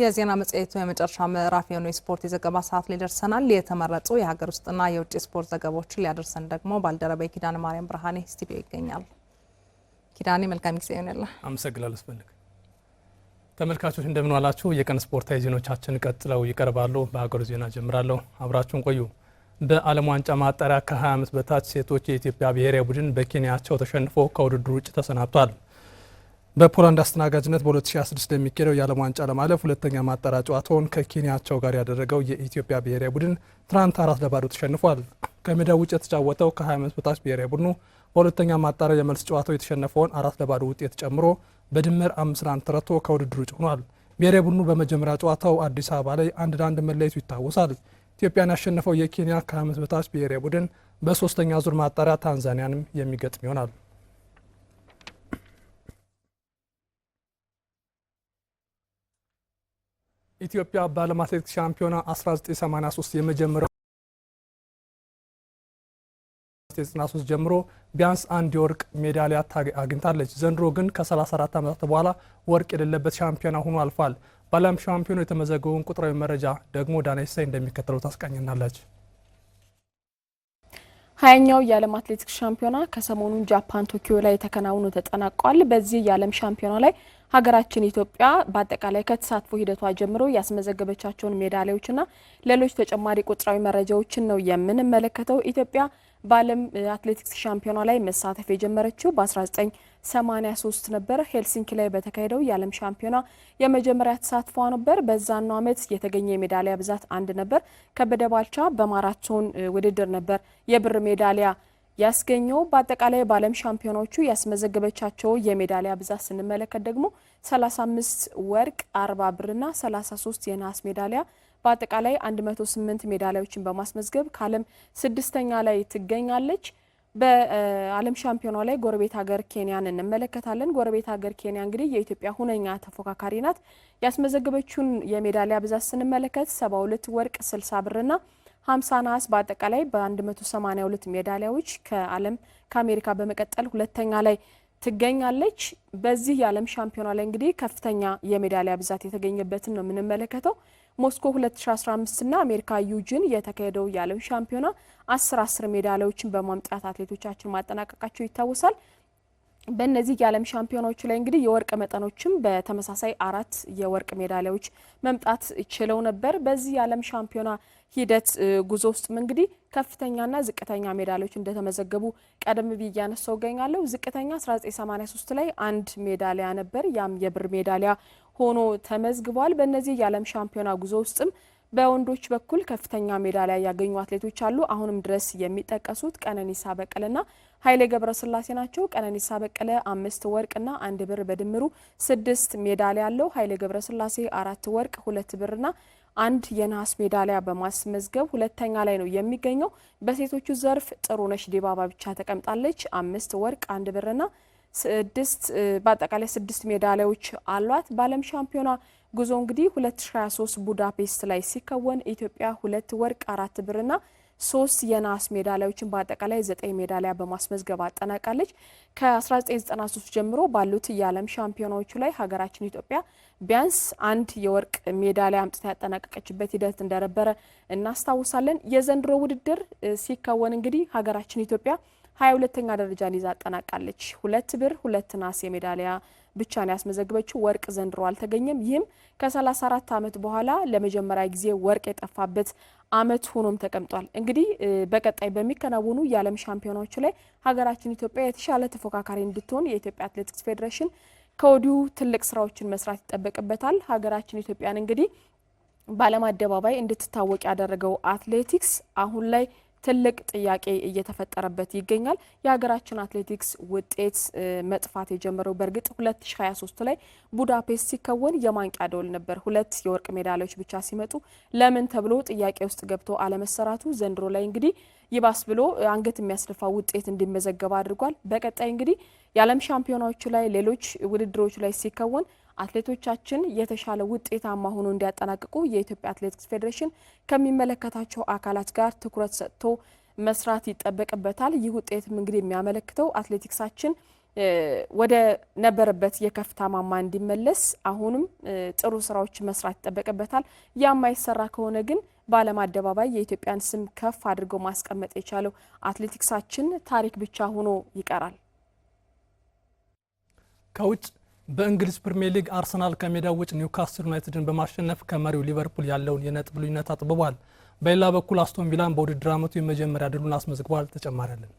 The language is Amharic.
የዜና መጽሔቱ የመጨረሻ ምዕራፍ የሆኑ የስፖርት የዘገባ ሰዓት ላይ ደርሰናል። የተመረጡ የሀገር ውስጥና የውጭ ስፖርት ዘገባዎችን ሊያደርሰን ደግሞ ባልደረባ ኪዳነ ማርያም ብርሃኔ ስቱዲዮ ይገኛል። ኪዳኔ መልካም ጊዜ ይሆንላ። አመሰግናለሁ አስፈልግ። ተመልካቾች እንደምን ዋላችሁ። የቀን ስፖርታዊ ዜናዎቻችን ቀጥለው ይቀርባሉ። በሀገሩ ዜና ጀምራለሁ፣ አብራችሁን ቆዩ። በዓለም ዋንጫ ማጣሪያ ከ20 ዓመት በታች ሴቶች የኢትዮጵያ ብሔራዊ ቡድን በኬንያቸው ተሸንፎ ከውድድሩ ውጭ ተሰናብቷል። በፖላንድ አስተናጋጅነት በ2026 የሚካሄደው የዓለም ዋንጫ ለማለፍ ሁለተኛ ማጣሪያ ጨዋታውን ከኬንያቸው ጋር ያደረገው የኢትዮጵያ ብሔራዊ ቡድን ትናንት አራት ለባዶ ተሸንፏል። ከሜዳ ውጭ የተጫወተው ከ20 ዓመት በታች ብሔራዊ ቡድኑ በሁለተኛ ማጣሪያ የመልስ ጨዋታው የተሸነፈውን አራት ለባዶ ውጤት ጨምሮ በድምር አምስት ራን ተረቶ ከውድድሩ ውጭ ሆኗል። ብሔራዊ ቡድኑ በመጀመሪያ ጨዋታው አዲስ አበባ ላይ አንድ ለአንድ መለየቱ ይታወሳል። ኢትዮጵያን ያሸነፈው የኬንያ ከ20 ዓመት በታች ብሔራዊ ቡድን በሶስተኛ ዙር ማጣሪያ ታንዛኒያንም የሚገጥም ይሆናል። ኢትዮጵያ በዓለም አትሌቲክስ ሻምፒዮና 1983 የመጀመሪያው 1993 ጀምሮ ቢያንስ አንድ የወርቅ ሜዳሊያ አግኝታለች። ዘንድሮ ግን ከ34 ዓመታት በኋላ ወርቅ የሌለበት ሻምፒዮና ሆኖ አልፏል። በዓለም ሻምፒዮና የተመዘገበውን ቁጥራዊ መረጃ ደግሞ ዳናይሳይ እንደሚከተለው ታስቃኝናለች። ሀያኛው የዓለም አትሌቲክስ ሻምፒዮና ከሰሞኑን ጃፓን ቶኪዮ ላይ ተከናውኖ ተጠናቋል። በዚህ የዓለም ሻምፒዮና ላይ ሀገራችን ኢትዮጵያ በአጠቃላይ ከተሳትፎ ሂደቷ ጀምሮ ያስመዘገበቻቸውን ሜዳሊያዎችና ሌሎች ተጨማሪ ቁጥራዊ መረጃዎችን ነው የምንመለከተው። ኢትዮጵያ በዓለም አትሌቲክስ ሻምፒዮና ላይ መሳተፍ የጀመረችው በ1983 ነበር። ሄልሲንኪ ላይ በተካሄደው የዓለም ሻምፒዮና የመጀመሪያ ተሳትፏ ነበር። በዛናው ዓመት የተገኘ የሜዳሊያ ብዛት አንድ ነበር። ከበደ ባልቻ በማራቶን ውድድር ነበር የብር ሜዳሊያ ያስገኘው። በአጠቃላይ በዓለም ሻምፒዮናዎቹ ያስመዘገበቻቸው የሜዳሊያ ብዛት ስንመለከት ደግሞ 35 ወርቅ፣ 40 ብርና 33 የነሐስ ሜዳሊያ በአጠቃላይ 108 ሜዳሊያዎችን በማስመዝገብ ከዓለም ስድስተኛ ላይ ትገኛለች። በዓለም ሻምፒዮና ላይ ጎረቤት ሀገር ኬንያን እንመለከታለን። ጎረቤት ሀገር ኬንያ እንግዲህ የኢትዮጵያ ሁነኛ ተፎካካሪ ናት። ያስመዘገበችውን የሜዳሊያ ብዛት ስንመለከት 72 ወርቅ፣ 60 ብርና 50 ነሐስ በአጠቃላይ በ182 ሜዳሊያዎች ከዓለም ከአሜሪካ በመቀጠል ሁለተኛ ላይ ትገኛለች። በዚህ የዓለም ሻምፒዮና ላይ እንግዲህ ከፍተኛ የሜዳሊያ ብዛት የተገኘበትን ነው የምንመለከተው። ሞስኮ 2015 እና አሜሪካ ዩጂን የተካሄደው የዓለም ሻምፒዮና 10 10 ሜዳሊያዎችን በማምጣት አትሌቶቻችን ማጠናቀቃቸው ይታወሳል። በእነዚህ የዓለም ሻምፒዮናዎቹ ላይ እንግዲህ የወርቅ መጠኖችም በተመሳሳይ አራት የወርቅ ሜዳሊያዎች መምጣት ችለው ነበር። በዚህ የዓለም ሻምፒዮና ሂደት ጉዞ ውስጥም እንግዲህ ከፍተኛና ዝቅተኛ ሜዳሊያዎች እንደተመዘገቡ ቀደም ብዬ እያነሳው እገኛለሁ። ዝቅተኛ 1983 ላይ አንድ ሜዳሊያ ነበር። ያም የብር ሜዳሊያ ሆኖ ተመዝግቧል። በእነዚህ የዓለም ሻምፒዮና ጉዞ ውስጥም በወንዶች በኩል ከፍተኛ ሜዳሊያ ያገኙ አትሌቶች አሉ። አሁንም ድረስ የሚጠቀሱት ቀነኒሳ በቀለና ኃይሌ ገብረስላሴ ናቸው። ቀነኒሳ በቀለ አምስት ወርቅና አንድ ብር በድምሩ ስድስት ሜዳሊያ አለው። ኃይሌ ገብረስላሴ አራት ወርቅ፣ ሁለት ብርና አንድ የነሐስ ሜዳሊያ በማስመዝገብ ሁለተኛ ላይ ነው የሚገኘው። በሴቶቹ ዘርፍ ጥሩነሽ ዲባባ ብቻ ተቀምጣለች። አምስት ወርቅ፣ አንድ ብርና ስድስት በአጠቃላይ ስድስት ሜዳሊያዎች አሏት። በዓለም ሻምፒዮና ጉዞ እንግዲህ 2023 ቡዳፔስት ላይ ሲከወን ኢትዮጵያ ሁለት ወርቅ አራት ብርና ሶስት የነሐስ ሜዳሊያዎችን በአጠቃላይ ዘጠኝ ሜዳሊያ በማስመዝገብ አጠናቃለች። ከ1993 ጀምሮ ባሉት የዓለም ሻምፒዮናዎቹ ላይ ሀገራችን ኢትዮጵያ ቢያንስ አንድ የወርቅ ሜዳሊያ አምጥታ ያጠናቀቀችበት ሂደት እንደነበረ እናስታውሳለን። የዘንድሮ ውድድር ሲከወን እንግዲህ ሀገራችን ኢትዮጵያ ሀያ ሁለተኛ ደረጃን ይዛ አጠናቃለች። ሁለት ብር፣ ሁለት ናስ የሜዳሊያ ብቻ ነው ያስመዘግበችው። ወርቅ ዘንድሮ አልተገኘም። ይህም ከ34 ዓመት በኋላ ለመጀመሪያ ጊዜ ወርቅ የጠፋበት ዓመት ሆኖም ተቀምጧል። እንግዲህ በቀጣይ በሚከናወኑ የዓለም ሻምፒዮናዎች ላይ ሀገራችን ኢትዮጵያ የተሻለ ተፎካካሪ እንድትሆን የኢትዮጵያ አትሌቲክስ ፌዴሬሽን ከወዲሁ ትልቅ ስራዎችን መስራት ይጠበቅበታል። ሀገራችን ኢትዮጵያን እንግዲህ በዓለም አደባባይ እንድትታወቅ ያደረገው አትሌቲክስ አሁን ላይ ትልቅ ጥያቄ እየተፈጠረበት ይገኛል። የሀገራችን አትሌቲክስ ውጤት መጥፋት የጀመረው በእርግጥ 2023 ላይ ቡዳፔስት ሲከወን የማንቂያ ደወል ነበር። ሁለት የወርቅ ሜዳሊያዎች ብቻ ሲመጡ ለምን ተብሎ ጥያቄ ውስጥ ገብቶ አለመሰራቱ ዘንድሮ ላይ እንግዲህ ይባስ ብሎ አንገት የሚያስደፋ ውጤት እንዲመዘገብ አድርጓል። በቀጣይ እንግዲህ የዓለም ሻምፒዮናዎቹ ላይ ሌሎች ውድድሮች ላይ ሲከወን አትሌቶቻችን የተሻለ ውጤታማ ሆኖ እንዲያጠናቅቁ የኢትዮጵያ አትሌቲክስ ፌዴሬሽን ከሚመለከታቸው አካላት ጋር ትኩረት ሰጥቶ መስራት ይጠበቅበታል። ይህ ውጤትም እንግዲህ የሚያመለክተው አትሌቲክሳችን ወደ ነበረበት የከፍታ ማማ እንዲመለስ አሁንም ጥሩ ስራዎች መስራት ይጠበቅበታል። ያ ማይሰራ ከሆነ ግን በዓለም አደባባይ የኢትዮጵያን ስም ከፍ አድርጎ ማስቀመጥ የቻለው አትሌቲክሳችን ታሪክ ብቻ ሆኖ ይቀራል። ከውጭ በእንግሊዝ ፕሪምየር ሊግ አርሰናል ከሜዳ ውጭ ኒውካስትል ዩናይትድን በማሸነፍ ከመሪው ሊቨርፑል ያለውን የነጥብ ልዩነት አጥብቧል። በሌላ በኩል አስቶን ቪላን በውድድር ዓመቱ የመጀመሪያ ድሉን አስመዝግቧል። ተጨማሪ አለን።